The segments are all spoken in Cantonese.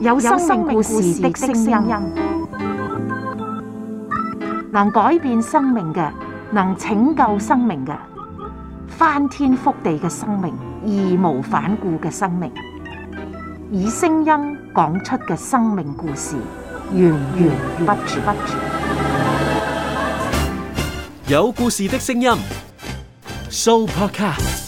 有生命故事的聲音，能改變生命嘅，能拯救生命嘅，翻天覆地嘅生命，義無反顧嘅生命，以聲音講出嘅生命故事，源源不絕。有故事的聲音，Soupercast。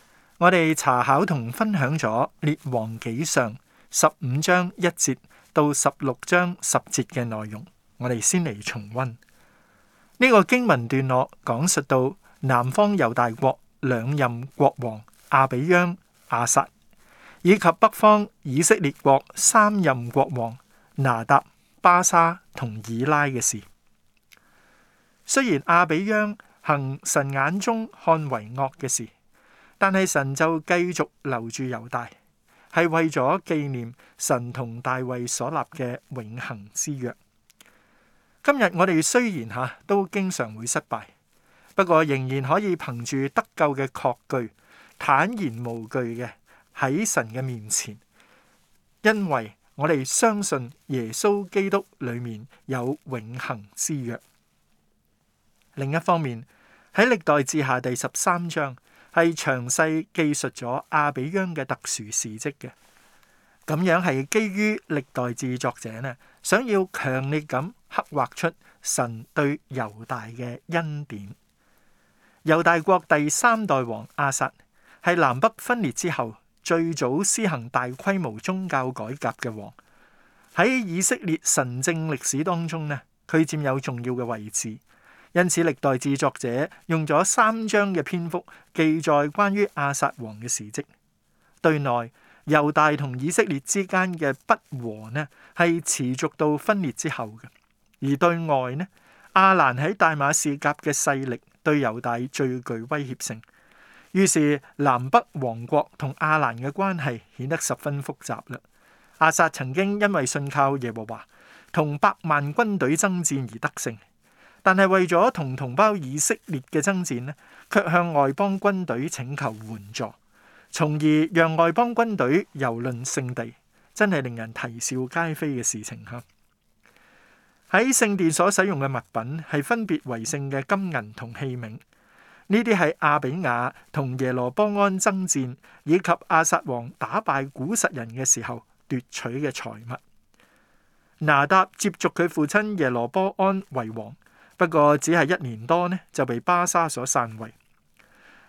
我哋查考同分享咗列王紀上十五章一節到十六章十節嘅內容，我哋先嚟重溫呢、這個經文段落，講述到南方猶大國兩任國王亞比央、亞撒，以及北方以色列國三任國王拿達、巴沙同以拉嘅事。雖然亞比央行神眼中看為惡嘅事。但係神就繼續留住猶大，係為咗紀念神同大衛所立嘅永恆之約。今日我哋雖然吓都經常會失敗，不過仍然可以憑住得救嘅確據，坦然無懼嘅喺神嘅面前，因為我哋相信耶穌基督裏面有永恆之約。另一方面，喺歷代志下第十三章。係詳細記述咗阿比央嘅特殊事蹟嘅，咁樣係基於歷代誌作者呢，想要強烈咁刻畫出神對猶大嘅恩典。猶大國第三代王阿薩係南北分裂之後最早施行大規模宗教改革嘅王，喺以色列神政歷史當中呢，佢佔有重要嘅位置。因此，歷代志作者用咗三章嘅篇幅記載關於亞撒王嘅事蹟。對內，猶大同以色列之間嘅不和呢，係持續到分裂之後嘅；而對外呢，亞蘭喺大馬士革嘅勢力對猶大最具威脅性。於是南北王國同亞蘭嘅關係顯得十分複雜啦。亞撒曾經因為信靠耶和華，同百萬軍隊爭戰而得勝。但係為咗同同胞以色列嘅爭戰咧，卻向外邦軍隊請求援助，從而讓外邦軍隊蹂躪聖地，真係令人啼笑皆非嘅事情嚇。喺聖殿所使用嘅物品係分別為聖嘅金銀同器皿，呢啲係亞比雅同耶羅波安爭戰以及亞撒王打敗古實人嘅時候奪取嘅財物。拿達接續佢父親耶羅波安為王。不過只係一年多呢，就被巴沙所篡位。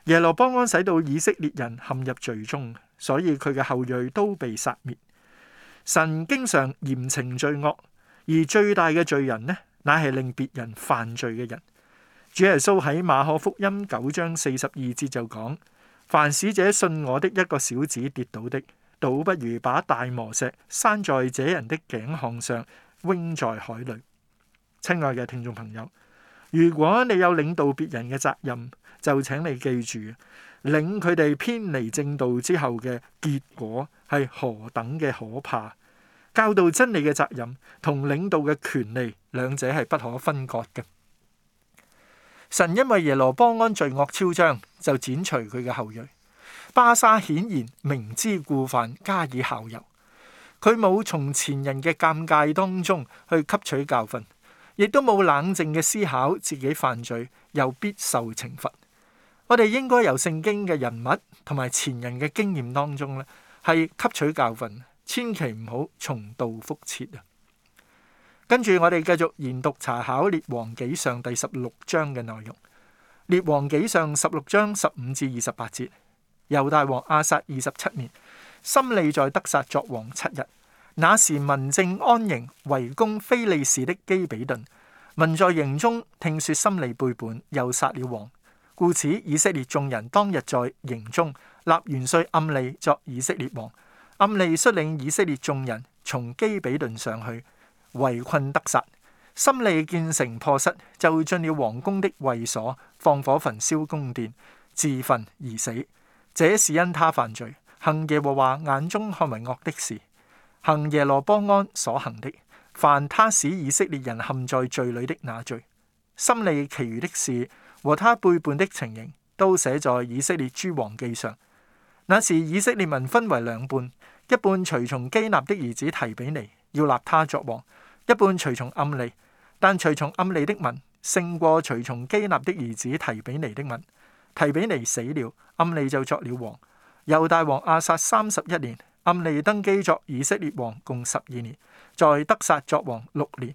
耶羅波安使到以色列人陷入罪中，所以佢嘅後裔都被殺滅。神經常嚴懲罪惡，而最大嘅罪人呢，乃係令別人犯罪嘅人。主耶穌喺馬可福音九章四十二節就講：凡使者信我的一個小子跌倒的，倒不如把大磨石拴在這人的頸項上，扔在海裏。親愛嘅聽眾朋友。如果你有領導別人嘅責任，就請你記住，領佢哋偏離正道之後嘅結果係何等嘅可怕。教導真理嘅責任同領導嘅權利兩者係不可分割嘅。神因為耶羅波安罪惡超張，就剪除佢嘅後裔。巴沙顯然明知故犯，加以效尤。佢冇從前人嘅尷尬當中去吸取教訓。亦都冇冷靜嘅思考，自己犯罪又必受懲罰。我哋應該由聖經嘅人物同埋前人嘅經驗當中咧，係吸取教訓，千祈唔好重蹈覆轍啊！跟住我哋繼續研讀查考列王紀上第十六章嘅內容。列王紀上十六章十五至二十八節，猶大王亞撒二十七年，心利在得撒作王七日。那時民正安營圍攻非利士的基比頓，民在營中聽說心利背叛，又殺了王，故此以色列眾人當日在營中立元帥暗利作以色列王。暗利率領以色列眾人從基比頓上去圍困得殺，心利見城破失，就進了王宮的衛所，放火焚燒宮殿，自焚而死。這是因他犯罪，行耶和華眼中看為惡的事。行耶羅波安所行的，凡他使以色列人陷在罪裏的那罪，心理其餘的事和他背叛的情形，都寫在以色列諸王記上。那時以色列民分為兩半，一半隨從基納的兒子提比尼，要立他作王，一半隨從暗利。但隨從暗利的民勝過隨從基納的兒子提比尼的民。提比尼死了，暗利就作了王。猶大王阿撒三十一年。暗利登基作以色列王，共十二年，在得撒作王六年。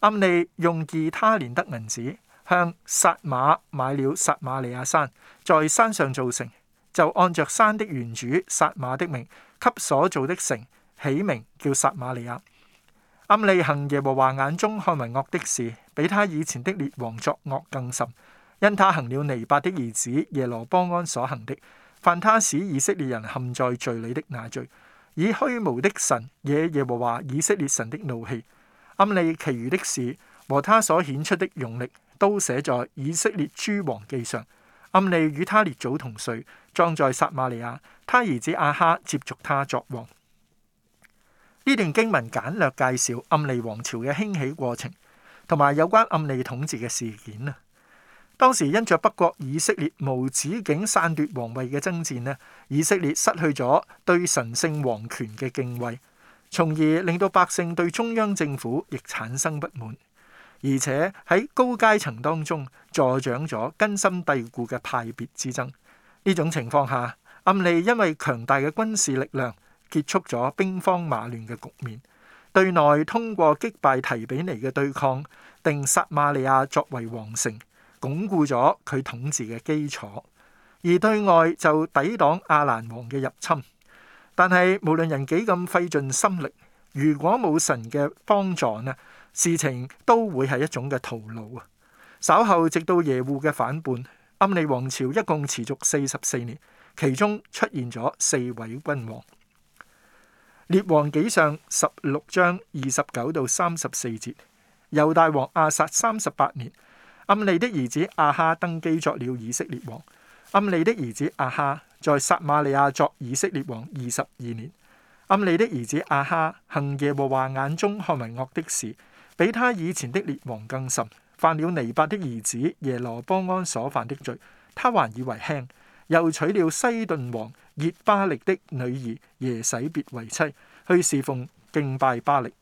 暗利用以他連得銀子向撒馬買了撒馬利亞山，在山上造城，就按着山的原主撒馬的名，給所造的城起名叫撒馬利亞。暗利行耶和華眼中看為惡的事，比他以前的列王作惡更甚，因他行了尼八的兒子耶羅波安所行的。犯他使以色列人陷在罪裏的那罪，以虛無的神惹耶和華以色列神的怒氣。暗利其餘的事和他所顯出的勇力，都寫在以色列諸王記上。暗利與他列祖同睡，葬在撒瑪利亞。他兒子阿哈接續他作王。呢段經文簡略介紹暗利王朝嘅興起過程，同埋有關暗利統治嘅事件啊。當時因着北國以色列無止境散奪皇位嘅爭戰呢，以色列失去咗對神聖皇權嘅敬畏，從而令到百姓對中央政府亦產生不滿，而且喺高階層當中助長咗根深蒂固嘅派別之爭。呢種情況下，暗利因為強大嘅軍事力量結束咗兵荒馬亂嘅局面，對內通過擊敗提比尼嘅對抗，定撒馬利亞作為王城。鞏固咗佢統治嘅基礎，而對外就抵擋阿蘭王嘅入侵。但係無論人幾咁費盡心力，如果冇神嘅幫助呢，事情都會係一種嘅徒勞啊！稍後直到耶戶嘅反叛，暗利王朝一共持續四十四年，其中出現咗四位君王。列王紀上十六章二十九到三十四節，猶大王阿撒三十八年。暗利的兒子亞哈登基作了以色列王。暗利的兒子亞哈在撒瑪利亞作以色列王二十二年。暗利的兒子亞哈行耶和華眼中看為惡的事，比他以前的列王更甚，犯了尼八的兒子耶羅波安所犯的罪，他還以為輕，又娶了西頓王耶巴力的女兒耶洗別為妻，去侍奉敬拜巴力。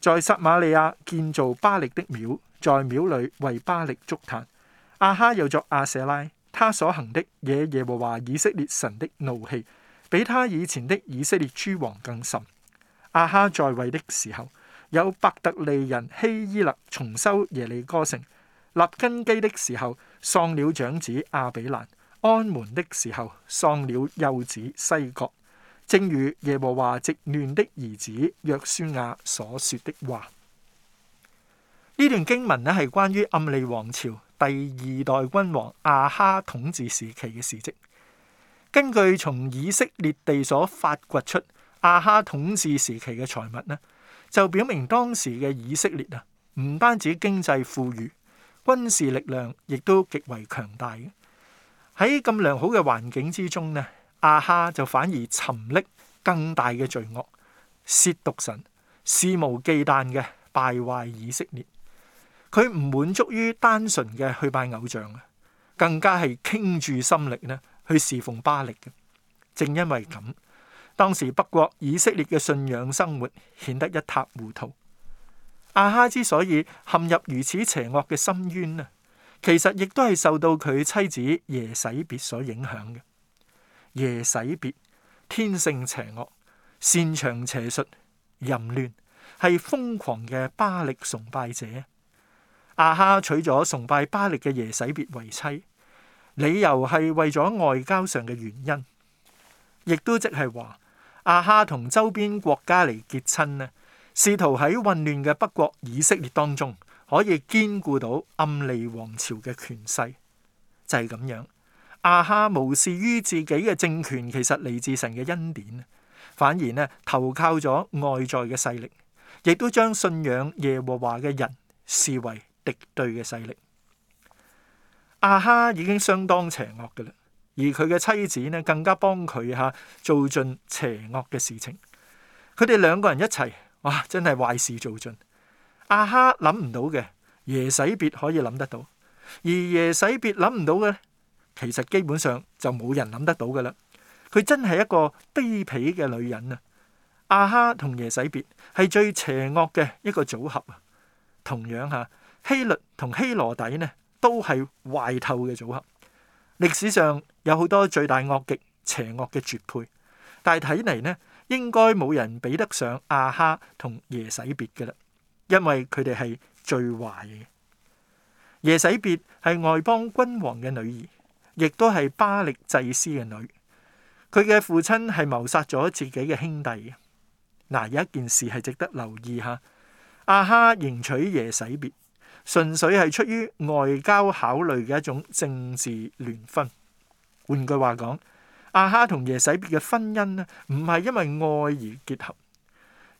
在撒瑪利亞建造巴力的廟，在廟裏為巴力築壇。阿哈又作阿舍拉，他所行的惹耶，耶和華以色列神的怒氣，比他以前的以色列諸王更甚。阿哈在位的時候，有伯特利人希伊勒重修耶利哥城，立根基的時候喪了長子阿比蘭，安門的時候喪了幼子西割，正如耶和華直亂的兒子約書亞所說的話，呢段經文咧係關於暗利王朝第二代君王亞哈統治時期嘅事蹟。根據從以色列地所發掘出亞哈統治時期嘅財物呢，就表明當時嘅以色列啊，唔單止經濟富裕，軍事力量亦都極為強大。喺咁良好嘅環境之中咧。亞哈就反而沉溺更大嘅罪惡，褻瀆神，肆無忌憚嘅敗壞以色列。佢唔滿足於單純嘅去拜偶像啊，更加係傾注心力呢去侍奉巴力。正因為咁，當時北國以色列嘅信仰生活顯得一塌糊塗。亞哈之所以陷入如此邪惡嘅深淵呢，其實亦都係受到佢妻子耶洗別所影響嘅。夜洗別天性邪惡，擅長邪術淫亂，係瘋狂嘅巴力崇拜者。亞哈娶咗崇拜巴力嘅夜洗別為妻，理由係為咗外交上嘅原因，亦都即係話亞哈同周邊國家嚟結親呢，試圖喺混亂嘅北國以色列當中可以兼顧到暗利王朝嘅權勢，就係咁樣。亞哈無視於自己嘅政權，其實嚟自神成嘅恩典，反而呢，投靠咗外在嘅勢力，亦都將信仰耶和華嘅人視為敵對嘅勢力。亞哈已經相當邪惡嘅啦，而佢嘅妻子呢，更加幫佢吓做盡邪惡嘅事情，佢哋兩個人一齊，哇，真係壞事做盡。亞哈諗唔到嘅，耶洗別可以諗得到，而耶洗別諗唔到嘅其實基本上就冇人諗得到噶啦。佢真係一個卑鄙嘅女人啊！亞哈同耶洗別係最邪惡嘅一個組合。同樣吓希律同希羅底呢，都係壞透嘅組合。歷史上有好多最大惡極邪惡嘅絕配，但係睇嚟呢，應該冇人比得上亞哈同耶洗別噶啦，因為佢哋係最壞嘅。耶洗別係外邦君王嘅女兒。亦都係巴力祭司嘅女，佢嘅父親係謀殺咗自己嘅兄弟嘅。嗱，有一件事係值得留意吓。阿哈迎娶耶洗別，純粹係出於外交考慮嘅一種政治聯婚。換句話講，阿哈同耶洗別嘅婚姻咧，唔係因為愛而結合。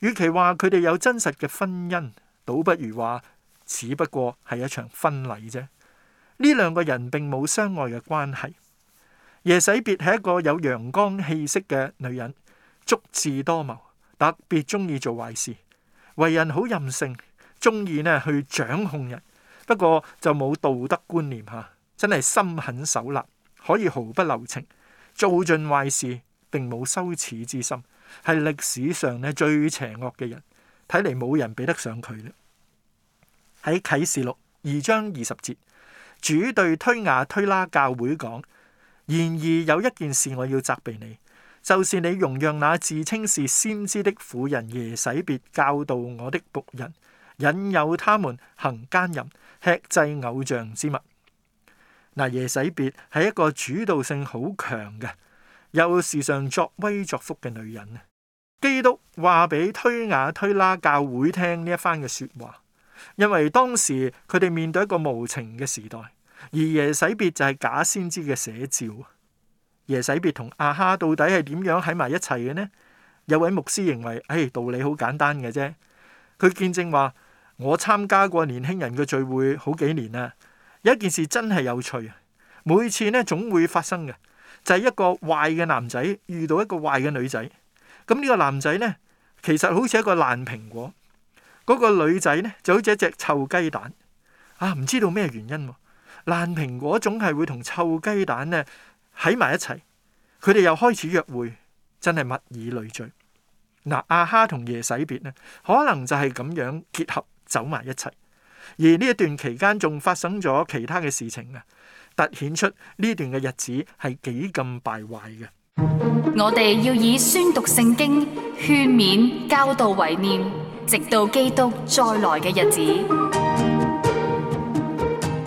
與其話佢哋有真實嘅婚姻，倒不如話，只不過係一場婚禮啫。呢兩個人並冇相愛嘅關係。耶洗別係一個有陽光氣息嘅女人，足智多謀，特別中意做壞事，為人好任性，中意咧去掌控人。不過就冇道德觀念吓，真係心狠手辣，可以毫不留情，做盡壞事，並冇羞恥之心，係歷史上咧最邪惡嘅人。睇嚟冇人比得上佢啦。喺啟示錄二章二十節。主對推雅推拉教會講，然而有一件事我要責備你，就是你容讓那自稱是先知的婦人耶洗別教導我的僕人，引誘他們行奸淫，吃祭偶像之物。嗱，耶洗別係一個主導性好強嘅，又時常作威作福嘅女人。基督話俾推雅推拉教會聽呢一番嘅說話，因為當時佢哋面對一個無情嘅時代。而耶洗別就係假先知嘅寫照啊！耶洗別同阿哈到底係點樣喺埋一齊嘅呢？有位牧師認為，誒、哎、道理好簡單嘅啫。佢見證話，我參加過年輕人嘅聚會好幾年啦。有一件事真係有趣，每次呢，總會發生嘅就係、是、一個壞嘅男仔遇到一個壞嘅女仔。咁呢個男仔呢，其實好似一個爛蘋果，嗰、那個女仔呢，就好似一隻臭雞蛋啊！唔知道咩原因喎、啊？爛蘋果總係會同臭雞蛋呢喺埋一齊，佢哋又開始約會，真係物以類聚。嗱，阿哈同耶洗別呢，可能就係咁樣結合走埋一齊。而呢一段期間仲發生咗其他嘅事情啊，突顯出呢段嘅日子係幾咁敗壞嘅。我哋要以宣讀聖經、勸勉、教導為念，直到基督再來嘅日子。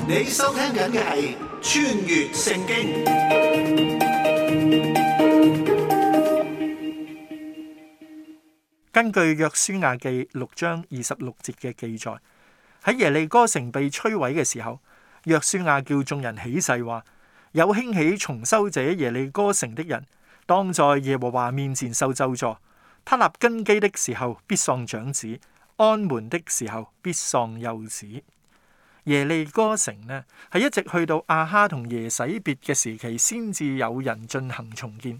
你收聽緊嘅係《穿越聖經》。根據《約書亞記》六章二十六節嘅記載，喺耶利哥城被摧毀嘅時候，約書亞叫眾人起誓話：有興起重修者耶利哥城的人，當在耶和華面前受咒詛，他立根基的時候必喪長子，安門的時候必喪幼子。耶利哥城呢，係一直去到阿哈同耶洗別嘅時期，先至有人進行重建。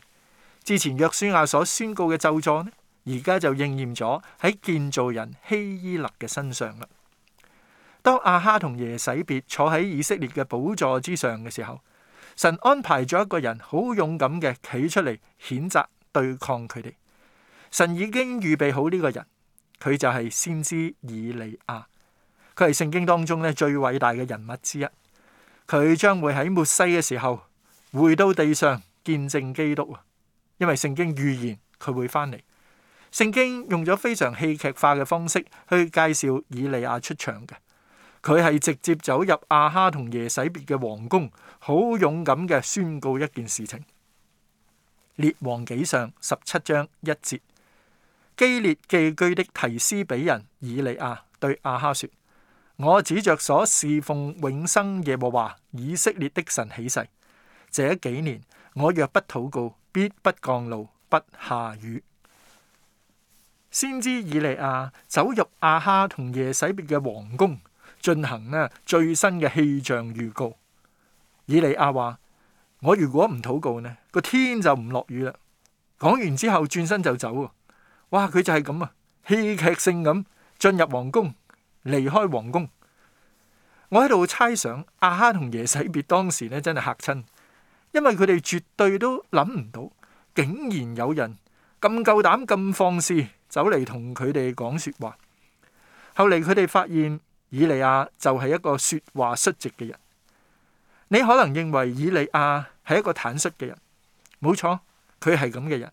之前約書亞所宣告嘅咒詛呢，而家就應驗咗喺建造人希伊勒嘅身上啦。當阿哈同耶洗別坐喺以色列嘅寶座之上嘅時候，神安排咗一個人好勇敢嘅企出嚟譴責對抗佢哋。神已經預備好呢個人，佢就係先知以利亞。佢係聖經當中咧最偉大嘅人物之一。佢將會喺末世嘅時候回到地上見證基督，因為聖經預言佢會翻嚟。聖經用咗非常戲劇化嘅方式去介紹以利亞出場嘅。佢係直接走入阿哈同耶洗別嘅皇宮，好勇敢嘅宣告一件事情。列王紀上十七章一節：基列寄居的提斯比人以利亞對阿哈說。我指着所侍奉永生耶和華以色列的神起誓：這幾年我若不禱告，必不降露不下雨。先知以利亞走入亞哈同耶洗別嘅王宮，進行呢最新嘅氣象預告。以利亞話：我如果唔禱告呢，個天就唔落雨啦。講完之後轉身就走。哇，佢就係咁啊，戲劇性咁進入王宮。離開皇宮，我喺度猜想，亞哈同耶洗別當時咧真係嚇親，因為佢哋絕對都諗唔到，竟然有人咁夠膽咁放肆走嚟同佢哋講說話。後嚟佢哋發現以利亞就係一個說話率直嘅人。你可能認為以利亞係一個坦率嘅人，冇錯，佢係咁嘅人，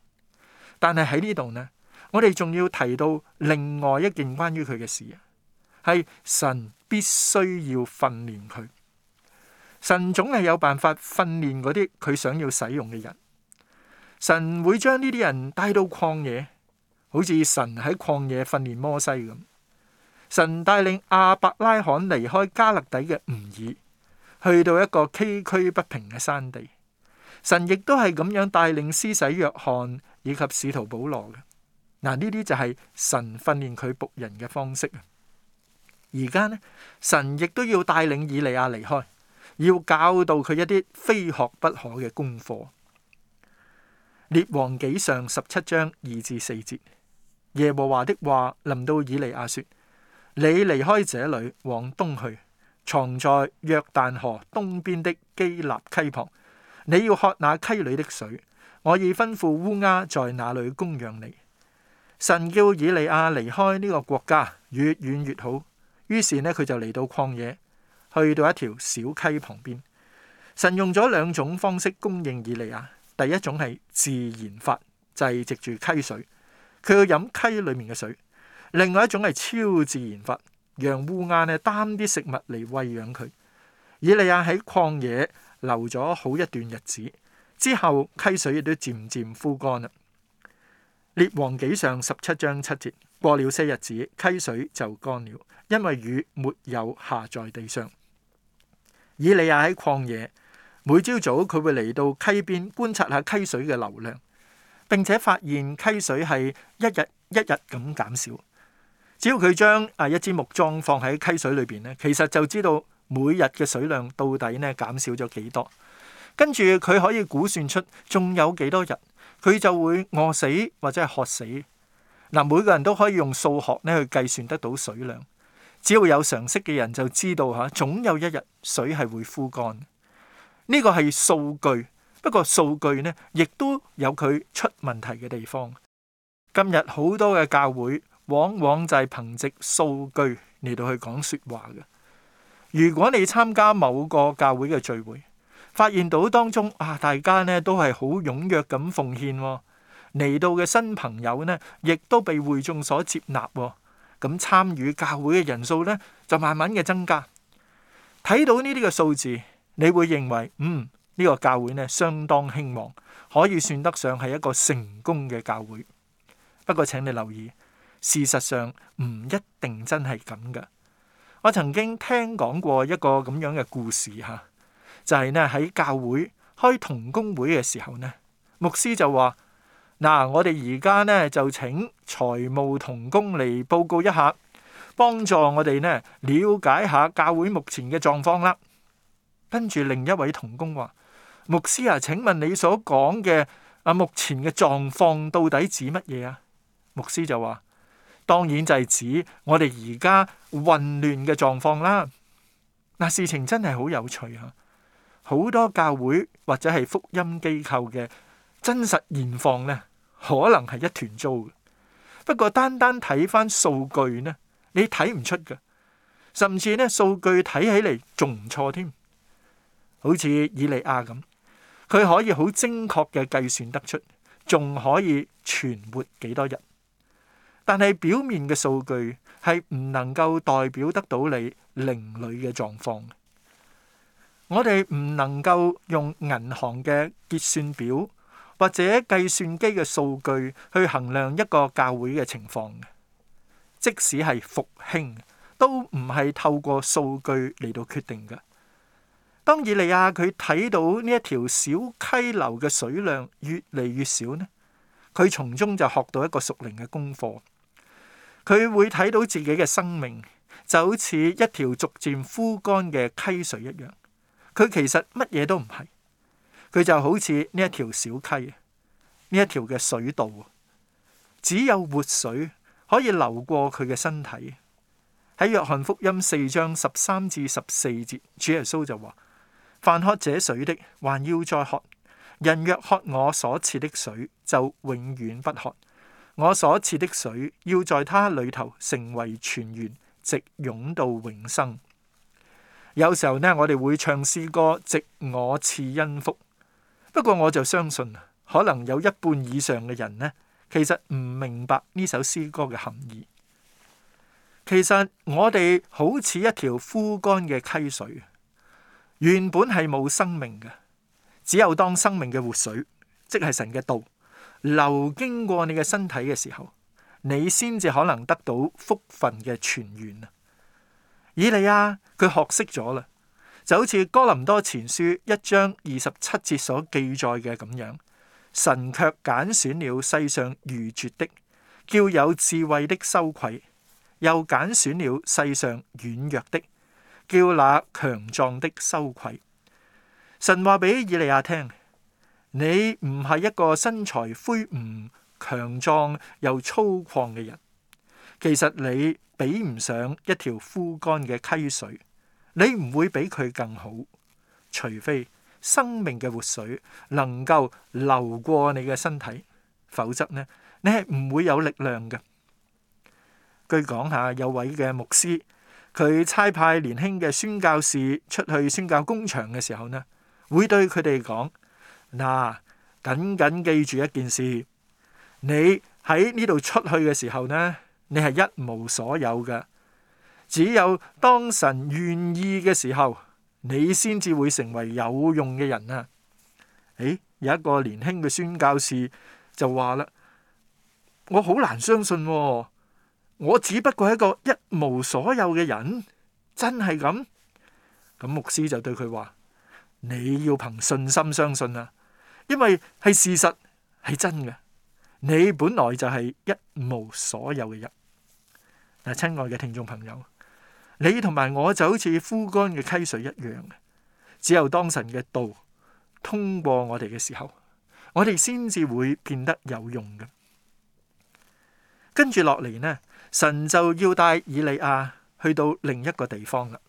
但係喺呢度呢，我哋仲要提到另外一件關於佢嘅事係神必須要訓練佢。神總係有辦法訓練嗰啲佢想要使用嘅人。神會將呢啲人帶到曠野，好似神喺曠野訓練摩西咁。神帶領亞伯拉罕離開加勒底嘅吾爾，去到一個崎嶇不平嘅山地。神亦都係咁樣帶領施洗約翰以及使徒保羅嘅。嗱，呢啲就係神訓練佢僕人嘅方式。而家呢，神亦都要帶領以利亞離開，要教導佢一啲非學不可嘅功課。列王紀上十七章二至四節，耶和華的話臨到以利亞說：你離開這裏，往東去，藏在約旦河東邊的基立溪旁。你要喝那溪裏的水，我已吩咐烏鴉在那裏供養你。神叫以利亞離開呢個國家，越遠越好。於是呢，佢就嚟到曠野，去到一條小溪旁邊。神用咗兩種方式供應以利亞：第一種係自然法，藉住溪水，佢要飲溪裏面嘅水；另外一種係超自然法，讓烏鴉咧擔啲食物嚟餵養佢。以利亞喺曠野留咗好一段日子之後，溪水亦都漸漸枯乾啦。列王紀上十七章七節：過了些日子，溪水就乾了。因為雨沒有下在地上，以利亞喺曠野，每朝早佢會嚟到溪邊觀察下溪水嘅流量，並且發現溪水係一日一日咁減少。只要佢將啊一支木樁放喺溪水裏邊咧，其實就知道每日嘅水量到底咧減少咗幾多。跟住佢可以估算出仲有幾多日佢就會餓死或者係渴死。嗱，每個人都可以用數學咧去計算得到水量。只要有常識嘅人就知道嚇、啊，總有一日水係會枯乾。呢個係數據，不過數據呢亦都有佢出問題嘅地方。今日好多嘅教會往往就係憑藉數據嚟到去講說話嘅。如果你參加某個教會嘅聚會，發現到當中啊，大家呢都係好踴躍咁奉獻喎、哦，嚟到嘅新朋友呢亦都被會眾所接納喎、哦。咁參與教會嘅人數咧，就慢慢嘅增加。睇到呢啲嘅數字，你會認為嗯呢個教會呢相當興旺，可以算得上係一個成功嘅教會。不過請你留意，事實上唔一定真係咁噶。我曾經聽講過一個咁樣嘅故事嚇，就係呢，喺教會開同工會嘅時候呢，牧師就話。嗱，我哋而家咧就請財務同工嚟，報告一下，幫助我哋咧了解下教會目前嘅狀況啦。跟住另一位同工話：牧師啊，請問你所講嘅啊目前嘅狀況到底指乜嘢啊？牧師就話：當然就係指我哋而家混亂嘅狀況啦。嗱，事情真係好有趣啊，好多教會或者係福音機構嘅。真實現況呢，可能係一團糟。不過，單單睇翻數據呢，你睇唔出嘅，甚至呢，數據睇起嚟仲唔錯添，好似以利亞咁，佢可以好精確嘅計算得出，仲可以存活幾多日。但係表面嘅數據係唔能夠代表得到你靈裡嘅狀況。我哋唔能夠用銀行嘅結算表。或者計算機嘅數據去衡量一個教會嘅情況，即使係復興都唔係透過數據嚟到決定嘅。當以利亞佢睇到呢一條小溪流嘅水量越嚟越少呢，佢從中就學到一個屬靈嘅功課，佢會睇到自己嘅生命就好似一條逐漸枯乾嘅溪水一樣，佢其實乜嘢都唔係。佢就好似呢一條小溪，呢一條嘅水道，只有活水可以流過佢嘅身體。喺約翰福音四章十三至十四節，主耶穌就話：凡喝這水的，還要再渴；人若喝我所賜的水，就永遠不渴。我所賜的水要在他裏頭成為泉源，直湧到永生。有時候呢，我哋會唱詩歌，直我賜恩福。不過我就相信，可能有一半以上嘅人呢，其實唔明白呢首詩歌嘅含義。其實我哋好似一條枯乾嘅溪水，原本係冇生命嘅，只有當生命嘅活水，即係神嘅道流經過你嘅身體嘅時候，你先至可能得到福分嘅泉源。啊！以利亞佢學識咗啦。就好似哥林多前書一章二十七節所記載嘅咁樣，神卻揀選了世上愚拙的，叫有智慧的羞愧；又揀選了世上軟弱的，叫那強壯的羞愧。神話俾以利亞聽：你唔係一個身材魁梧、強壯又粗獷嘅人，其實你比唔上一條枯乾嘅溪水。你唔會比佢更好，除非生命嘅活水能夠流過你嘅身體，否則呢，你係唔會有力量嘅。據講嚇，有位嘅牧師，佢差派年輕嘅宣教士出去宣教工場嘅時候呢，會對佢哋講：嗱，緊緊記住一件事，你喺呢度出去嘅時候呢，你係一無所有㗎。只有當神願意嘅時候，你先至會成為有用嘅人啊！誒、哎，有一個年輕嘅宣教士就話啦：我好難相信、啊，我只不過係一個一無所有嘅人，真係咁？咁牧師就對佢話：你要憑信心相信啊，因為係事實，係真嘅，你本來就係一無所有嘅人。嗱，親愛嘅聽眾朋友。你同埋我就好似枯乾嘅溪水一樣，只有當神嘅道通過我哋嘅時候，我哋先至會變得有用嘅。跟住落嚟呢，神就要帶以利亞去到另一個地方啦。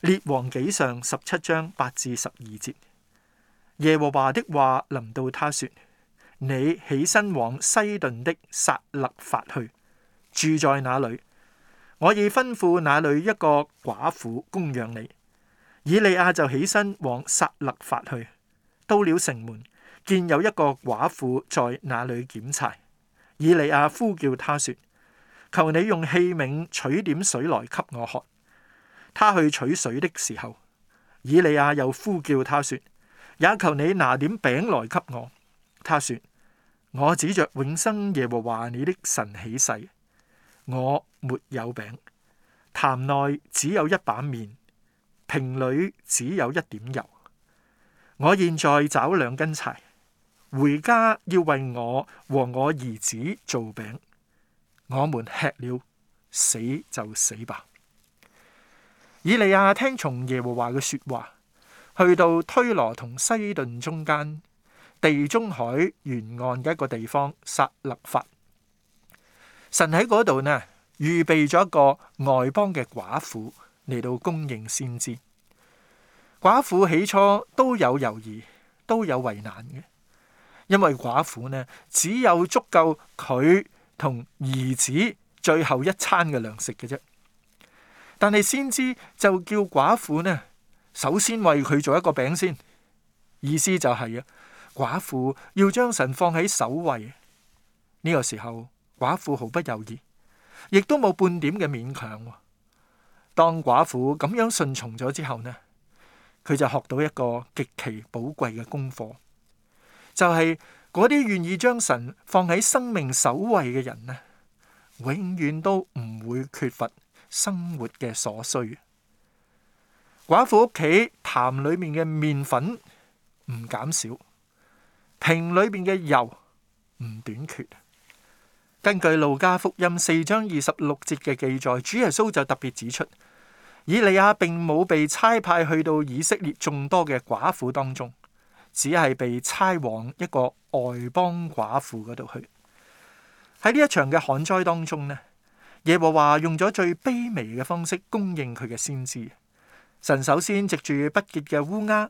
列王紀上十七章八至十二節，耶和華的話臨到他說：你起身往西頓的撒勒法去，住在那裡。我已吩咐那裏一個寡婦供養你。以利亞就起身往撒勒法去，到了城門，見有一個寡婦在那裏撿柴。以利亞呼叫他說：求你用器皿取點水來給我喝。他去取水的時候，以利亞又呼叫他說：也求你拿點餅來給我。他說：我指着永生耶和華你的神起誓。我沒有餅，壇內只有一把麵，瓶裏只有一點油。我現在找兩根柴，回家要為我和我兒子做餅。我們吃了，死就死吧。以利亞聽從耶和華嘅說話，去到推羅同西頓中間地中海沿岸嘅一個地方，撒勒法。神喺嗰度呢，預備咗一個外邦嘅寡婦嚟到供應先知。寡婦起初都有猶疑，都有為難嘅，因為寡婦呢，只有足夠佢同兒子最後一餐嘅糧食嘅啫。但係先知就叫寡婦呢，首先為佢做一個餅先。意思就係、是、啊，寡婦要將神放喺首位。呢個時候。寡婦毫不猶豫，亦都冇半點嘅勉強。當寡婦咁樣順從咗之後呢，佢就學到一個極其寶貴嘅功課，就係嗰啲願意將神放喺生命首位嘅人呢，永遠都唔會缺乏生活嘅所需。寡婦屋企罈裏面嘅麵粉唔減少，瓶裏面嘅油唔短缺。根據《路加福音》四章二十六節嘅記載，主耶穌就特別指出，以利亞並冇被差派去到以色列眾多嘅寡婦當中，只係被差往一個外邦寡婦嗰度去。喺呢一場嘅旱災當中呢，耶和華用咗最卑微嘅方式供應佢嘅先知。神首先藉住不潔嘅烏鴉，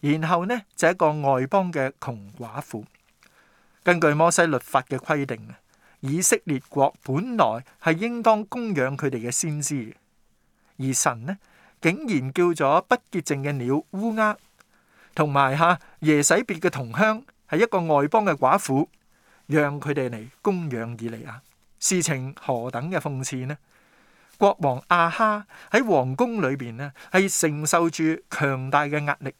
然後呢就一個外邦嘅窮寡婦。根據摩西律法嘅規定以色列國本來係應當供養佢哋嘅先知，而神呢竟然叫咗不潔淨嘅鳥烏鴉，同埋吓耶洗別嘅同鄉係一個外邦嘅寡婦，讓佢哋嚟供養以利亞，事情何等嘅諷刺呢？國王亞哈喺皇宮裏邊呢係承受住強大嘅壓力，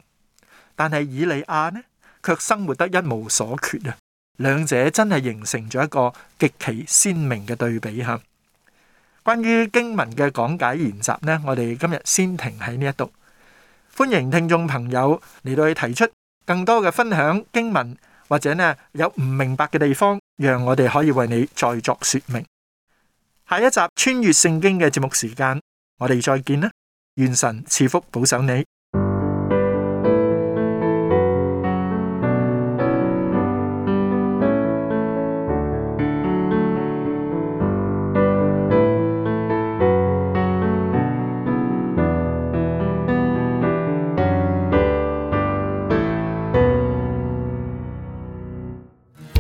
但係以利亞呢卻生活得一無所缺啊！兩者真係形成咗一個極其鮮明嘅對比吓。關於經文嘅講解研習呢，我哋今日先停喺呢一度。歡迎聽眾朋友嚟到去提出更多嘅分享經文，或者呢有唔明白嘅地方，讓我哋可以為你再作説明。下一集穿越聖經嘅節目時間，我哋再見啦。願神賜福保守你。